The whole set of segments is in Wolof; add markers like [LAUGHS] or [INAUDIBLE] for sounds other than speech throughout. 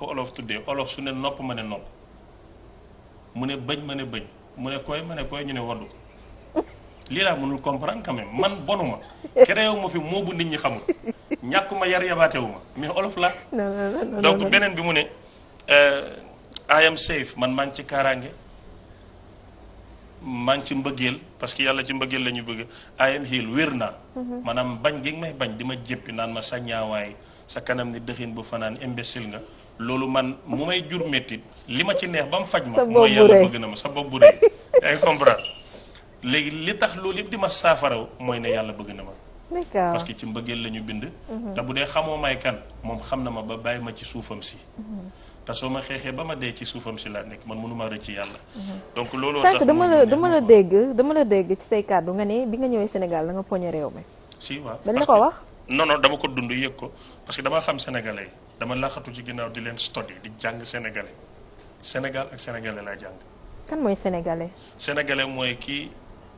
ko olof tuddee olof su ne nopp ma ne nopp mu ne bëñ ma ne bëñ mu ne koy ma ne koy ñu ne waddu lii laa mënul comprendre quand man bonuma créé wu ma fi moo bu nit ñi xamul ñàkkuma yar yabaatewu ma mais olof la donc beneen bi mu ne euh, I am safe man maa ngi ci kaaraange maa ci mbëggeel parce que yàlla ci mbëggeel la ñu bëgg I am wér naa mhm. maanaam bañ gi nga may bañ di ma jéppi naan ma sa ñaawaay sa kanam ni dëxin bu fanaan imbécile nga loolu man mu may jur méttit li ma ci neex ba mu faj ma mooy yàlla bëgg na ma sa bopp bu rëy [LAUGHS] yaa ngi léegi li tax loolu yëpp di ma saafara mooy ne yàlla bëgg na ma parce que ci mbëggeel la ñu bind te bu dee xamoo may kan moom xam na ma ba bàyyi ma ci suufam si te soo ma xeexee ba ma dee ci suufam si laa nekk man mënuma rëcc yàlla donc looloo tax dama la dama la dégg dama la dégg ci say kàddu nga ne bi nga ñëwee Sénégal da nga poñe réew mi si waaw dañ la wax non dama ko dund yéeg ko parce que dama xam sénégalais yi dama laqatu ci ginnaaw di leen study di jàng sénégalais Sénégal ak sénégalais lay jàng. kan mooy mooy kii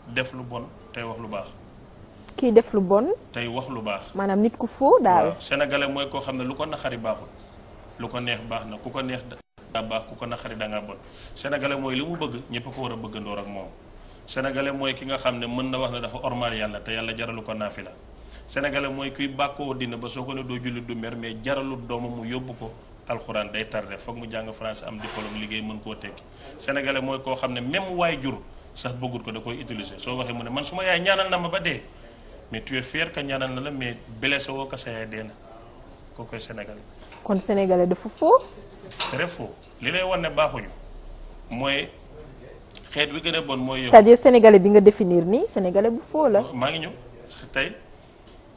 def lu bon tey wax lu baax. kii def lu bon. tey wax lu baax. maanaam nit ku foo daal. waaw mooy koo xam ne lu ko naxari baaxul lu ko neex baax na ku ko neex daa baax ku ko naxari da ngaa bon sénégalais mooy li mu bëgg ñëpp ko war a bëgg ndoor ak moom sénégalais mooy ki nga xam ne mën na wax ne dafa ormal yàlla te yàlla jaralu ko naafila sénégalais mooy kuy bàkkoo dina ba soo ko ne doo jullit du mer mais jaralut doomam mu yóbbu ko alxuraan day tardé foog mu jàng français am diplôme liggéey mën koo tekki sénégalais mooy koo xam ne même waay jur sax bëggul ko da koy utiliser soo waxee mu ne man su ma yaay ñaanal na ma ba dee mais tu es fier ñaanal na la mais blessé woo ko sa yaay dee na koo koy sénégalais. kon sénégalais dafa faux. très faux li lay wan ne baaxuñu mooy xeet wi gën a bon mooy. yow cest à bi nga maa ngi ñëw tey.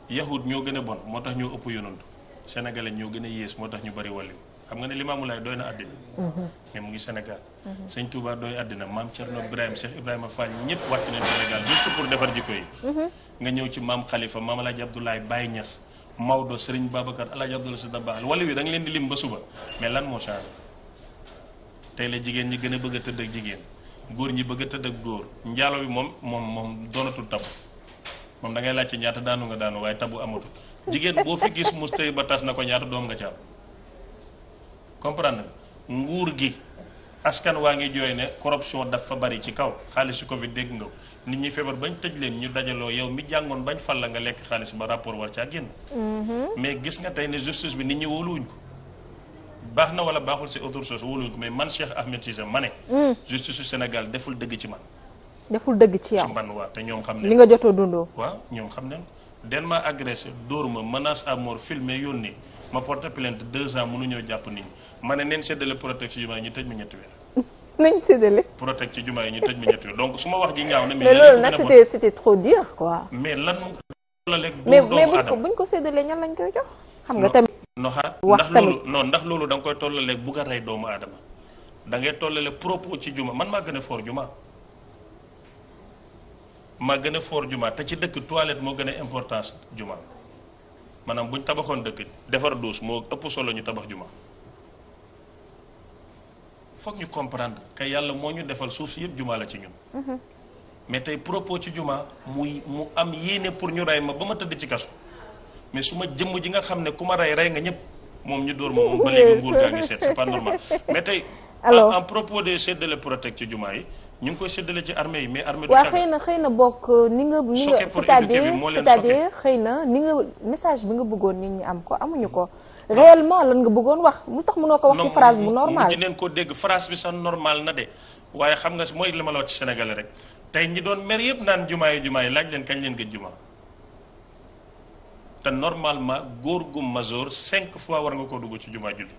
yahud ñoo gën a bon moo tax ñoo ëpp yonantu sénégalais ñoo gën a yées moo tax ñu bari wàlliw xam nga ne Limaamu Laay doy na àddina mhm. mais mu ngi Sénégal mhm. sëñ Touba doy àddina maam Thierno Ibrahima Cheikh Ibrahima Fall ñëpp wàcc nañ Sénégal juste pour defar jikko yi mhm. nga ñëw ci maam xalifa maam Alaaji Abdoulaye Baye Niass Maodo Serigne Babacar Alaaji Abdoulaye Sy Dabakh wàlliw yi da nga leen di lim ba suba mais lan moo changé tey la jigéen ñi gën a bëgg a tëdd ak jigéen góor ñi bëgg a tëdd ak góor njaalo bi moom moom moom doonatul tab moom da ngay ci ñaata daanu nga daanu waaye tabu amatul jigéen boo fi gis mu tey ba tas na ko ñaata doom nga ci am comprendre nguur gi askan waa ngi jooy ne corruption dafa bari ci kaw xaalis su Covid dégg nga nit ñi feebar bañ tëj leen ñu dajaloo yow mi jàngoon bañ fal la nga lekk xaalis ba rapport war caa génn. Mm-hmm. mais gis nga tey ne justice bi nit ñi wóoluwuñ ko. baax na wala baaxul si autre chose wóoluwuñ ko mais man Cheikh Ahmed Cissé ma ne. Mm. justice su Sénégal deful dëgg ci man. deful dëgg ci yow man waa te ñoom xam ne li nga jotoo dundoo waaw ñoom xam ne den ma agressé dóor ma menace à mort filmé yónni ma porte plainte deux ans mënuñoo jàpp nii ñi ma ne neen séddale protection yi ñu tëj ma ñetti weer nañ séddale. protect ci jumaa yi ñu tëj ma ñetti weer donc su ma wax ji ñaaw na. mais loolu nag c'était c'était trop dur quoi. mais lan moo ko mais mais buñ ko buñ ko séddalee ñan lañ koy jox. xam nga tamit. no xaar ndax loolu ndax loolu danga nga koy tollaleeg bugg rey doomu aadama da ngay tollale propos ci juma man maa gën a juma. ma gën a foor jumaa te ci dëkk toilet moo gën a importance jumaa maanaam bu ñu tabaxoon dëkk defar douche moo ëpp solo ñu tabax jumaa foog ñu comprendre que yàlla moo ñu defal suuf si yëpp jumaa la ci ñun. Mhm. mais tey propos ci jumaa muy mu am yéene pour ñu rey ma ba ma tëdd ci kaso mais su ma jëmm ji nga xam ne ku ma rey rey nga ñëpp moom ñu dóor ma moom ba léegi nguur gaa ngi seet c'est pas normal mais tey. en propos de seddale protect ci jumaa yi. ñu ngi koy séddale ci armée yi mais armée du waaw xëy na xëy na bokk euh, ni nga ni nga c'est-à-dire c'est-à-dire xëy na ni nga message bi nga bëggoon nit ñi am ko amuñu ko réellement lan nga bëggoon wax mu tax mënoo ko wax ci phrase bu normal dineen ko dégg phrase bi sax normal na de waaye xam nga mooy li ma la wax ci sénégalais rek tey ñi doon mer yëpp naan jumaa yi jumaa yi laaj leen kañ leen gëj juma te normalement góor gu majeur cinq fois war nga ko dugg ci jumaa julli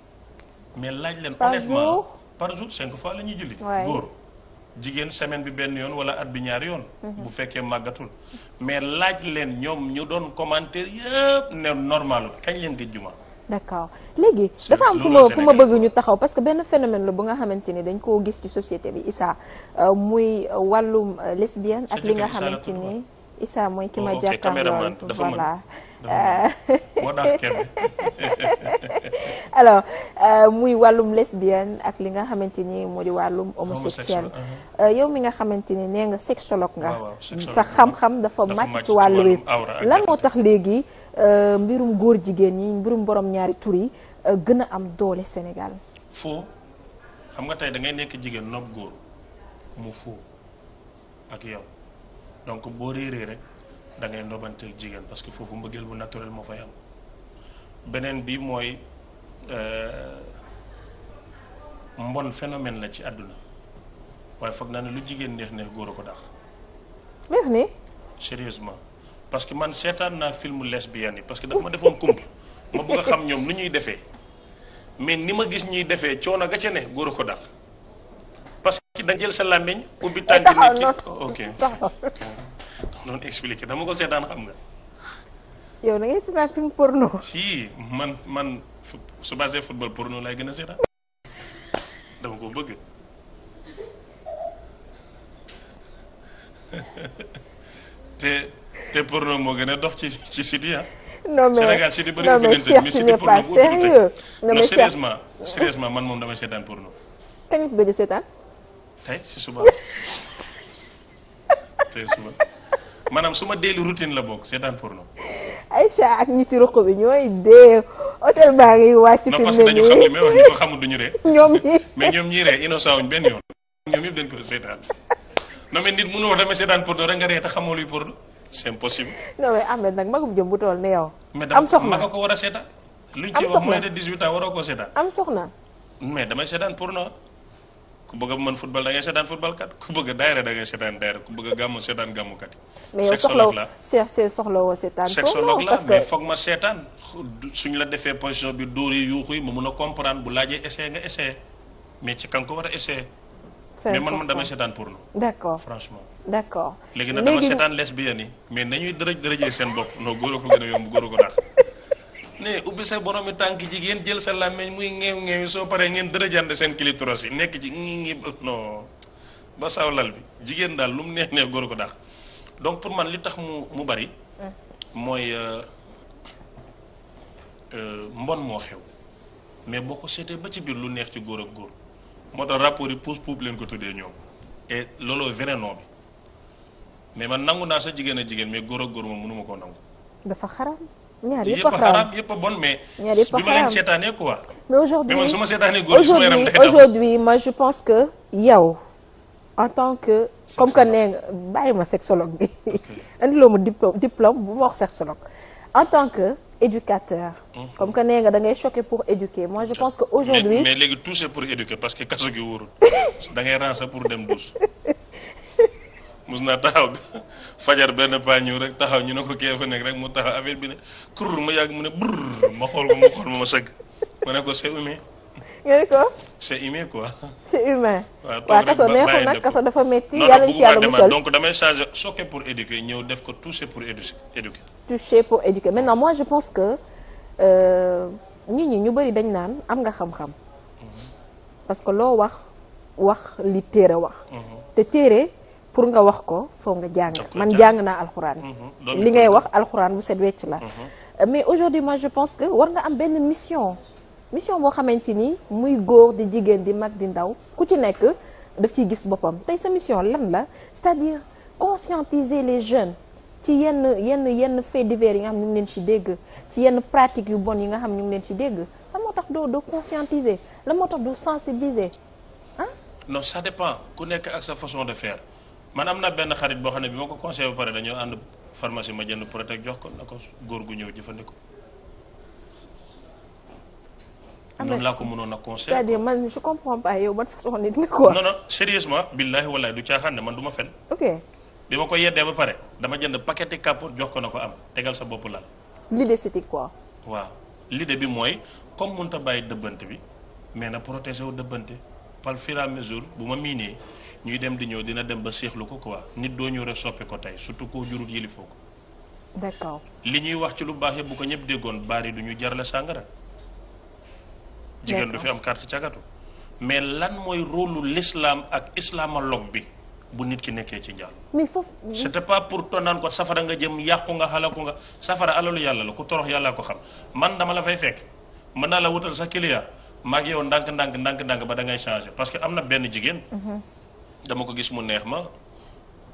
mais laaj leen honnêtement par jour cinq fois la ñuy julli góor jigéen semaine bi benn yoon wala at bi ñaari yoon. bu fekkee màggatul. mais laaj leen ñoom ñu doon commentaire yëpp ne normal kañ leen gëj juma. d'accord léegi dafa am fu ma fu ma bëgg ñu taxaw parce que benn phénomène la bu nga xamante ni dañ koo gis ci société bi Issa euh, muy wàllum euh, lesbienne ak li nga xamante ni Issa mooy ki ma oh, jàkkaarloo voilà Euh. Euh. [LAUGHS] alors euh, muy wàllum lesbienne ak li nga xamante ni moo di wàllum homosexuel uh-huh. yow mi nga xamante ni nee nga sexologue nga sa xam-xam uh-huh. dafa màcc ci wàllu wi lan moo tax léegi mbirum góor jigéen yi mbirum borom ñaari tur yi gën a am doole Sénégal foo xam nga tey da nekk jigéen nopp góor mu foo ak yow donc boo réeree rek da ngay ndobanteeg jigéen parce que foofu mbëggeel bu naturel moo fay am beneen bi mooy euh, mbon phénomène la ci àdduna waaye foog naa ne lu jigéen neex neex góor a ko dax neex sérieusement parce que man seetaan naa film lesbienne yi parce que dafa ma defoon kump ma bëgg a xam ñoom nu ñuy defee mais ni ma gis ñuy defee coono ga ca ne góor a ko dax parce que da jël sa làmmiñ ubbi tànk nit ki ok, okay. doon expliqué dama ko seetaan am nga. yow da seetaan porno. si man man su basé porno laay gën a seetaan dama ko bëgg. [LAUGHS] te te porno moo gën a dox ci ci city ah. non mais man moom damay seetaan porno. kañ nga seetaan. tey si suba [LAUGHS] tey suba. maanaam su ma deelu routine la bokk seetaan porno. Aïcha ak ñi ci ruq bi ñooy dee hôtel baa ngi wàcc. fi mu ne nii parce que dañu xam li may wax ñu ko xamul [LAUGHS] ñoom ñii mais ñoom ñii benn yoon. ñoom yëpp dañ ko seetaan non mais nit mënu wax damay seetaan porno rek nga ree te xamoo luy porno war a seetaan. am soxna ku bëgg a mën football da seetaan football kat ku bëgg a daayira seetaan daayira ku bëgg a gàmmu seetaan gàmmukat yi. sexologue la sexologue la mais foog ma seetaan suñ la defee position bi dóor yi yuuxu yi ma mun a comprendre bu laajee essayé nga essayé mais ci kan ko war a essayé. mais man man damay seetaan porno. d'accord franchement. d'accord léegi nag dama seetaan lesbiennes yi mais nañuy dërëj dërëjee seen bopp non góor a ko gën a yomb góor a ko dàq ne ubbi sa boromi tànk jigéen jël sa làmmeñ muy ngeew ngeew soo paree ngeen dërë jànd seen kilitros yi nekk ci ngi ngi non ba sawlal bi jigéen daal lu mu neex nee góor ko daax donc pour man li tax mu mu bari mooy euh, euh, mbon moo xew mais boo ko seetee ci biir lu neex ci góor ak góor moo tax rapport yi pousse pousse leen ko tuddee ñoom et looloo vénéno bi mais man nangu naa sa jigéen a jigéen mais góor ak góor moom mënuma koo nangu dafa xaram ñaar yëpp a xaraam yëpp a bon mais. ñaar yëpp a xaraam ma leen seetaanee quoi. aujourd'hui mais su ma seetaanee góor su ma yaram aujourd'hui moi je pense que yow en tant que. comme que nee nga bàyyi ma sexologue bi. indi [LAUGHS] loo ma diplôme diplôme bu ma wax sexologue. en tant que éducateur. Mhm. comme que nee nga da pour éduquer moi je pense que aujourd'hui mais mais léegi tout pour éduquer parce que kaso gi wóorul [LAUGHS] da ngay rancé pour dem douche. mus naa taxaw [LAUGHS] fajar benn paa ñëw rek taxaw ñu ne ko kee fa nekk rek mu taxaw affaire bi ne kurr ma yàgg mu ne brrr ma xool ko mu xool ma ma sëgg ma ne ko c'est humain. nga ne ko. c'est humain quoi. c'est humain. [LAUGHS] waaw kaso neexul nag kaso dafa métti. yàlla ci yàlla musal donc damay changer choqué pour éduquer ñëw def ko toucher pour éduquer. toucher pour éduquer maintenant moi je pense que euh, nit ñi ñu bëri dañ naan am nga xam-xam. Mhm. parce que loo wax wax li téere mhm. pour nga wax ko foog nga jàng man jàng naa alxuraan mhm. li ngay wax alxuraan bu set wecc la mhm. mais aujourd'hui moi je pense que war nga am benn mission mission boo xamante ni muy góor di jigéen di mag di ndaw ku ci nekk daf ci gis boppam tey sa mission lan la c'est-à-dire conscientiser les jeunes ci yenn yenn yenn fait divers yi nga xam ñu ngi leen ci dégg ci yenn pratique yu bon yi nga xam ñu ngi leen ci dégg lan moo tax doo doo conscientiser la moo tax doo sensibiliser ah non ça ku nekk ak de man am na benn xarit boo xam ne bi ma ko conseillé ba pare dañoo ànd pharmacie ma jënd Protect jox ko na ko góor gu ñëw jëfandikoo. Ah, noonu laa ko mënoon a conseil c'est-à-dire man je comprends pas yow ban façon nit nga du caaxaan ne man du ma fen. ok ma ko yeddee ba pare dama jënd paquet capote jox ko na ko am tegal sa bopp laal. l'idée c'était waaw l'idée bi mooy comme mënut a bàyyi dëbbante bi mais na protéger wu dëbbante par fur et à mesure bu ma miinee. ñuy dem di ñëw dina dem ba seexlu ko quoi nit doo ñëw rek soppi ko tey surtout koo jurul yilifoo ko. d'accord li ñuy wax ci lu baax yëpp bu ko ñëpp déggoon baari du ñu jarale sàngara. jigéen du fi am kart cagatu. mais lan mooy rôlu lislaam ak islamologue bi bu nit ki nekkee ci njàll. mais foofu c'était pas pour tonnaan ko safara nga jëm yàqu nga xalaku nga safara alalu yàlla la ku torox yàllaa ko xam man dama la fay fekk mën naa la wutal sa client maa ngi yow ndànk ndànk ndànk ndànk ba da ngay changer parce que am na benn jigéen. Mhm. dama ko gis mu neex ma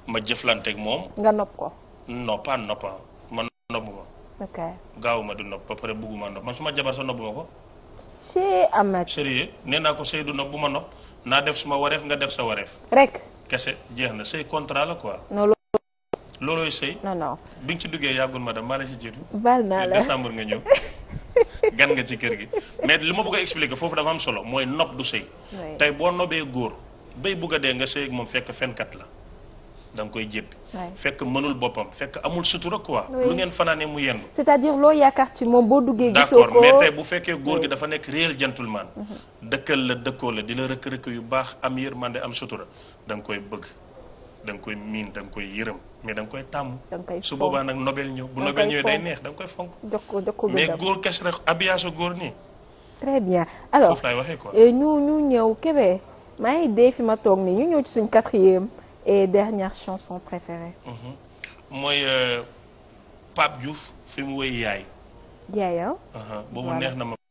ma jëflanteeg moom. nga nopp ko. noppaan noppaan man nopp ma. ok ma du nopp ba pare bëgguma nopp man ma sa nopp ma ko. ci Amath. naa ko sëy du bu ma nopp naa def suma wareef nga def sa wareef. rek jeex na sëy contrat la quoi. non bi nga ci duggee yàggul madame maa la si jiitu. gan nga ci kër gi [LAUGHS] mais li ma foofu dafa am solo mooy nopp du sëy. tey boo nobee góor. bay bugg a dee nga sëy moom fekk fenkat la danga koy jéppi fekk mënul boppam fekk amul sutura quoi. lu ngeen fanaanee mu yendu. cest loo yaakaar ci moom boo duggee. gisoo ko d'accord mais bu fekkee góor gi dafa nekk réel gentleman. Mm-hmm. dëkkal la dëkkoo la di la rëkk-rëkk yu baax am yërmande am sutura da koy bëgg da koy miin da nga koy yërëm mais da koy tàmm. su boobaa nag nobel ñëw bu nobel ñëwee day neex da nga koy fonk. jokkoo jokkoo mais góor kese rek abiyaasu góor nii. très bien alors foofu waxee ko euh, ñu ñëw Kébé. maa ngi fi ma toog ni ñu ñëw ci suñ quatrième et dernière chanson préférée. Mhm. mooy euh, Pape Diouf fi mu woy yaay. yaayaw. Uh-huh. boobu neex na ma.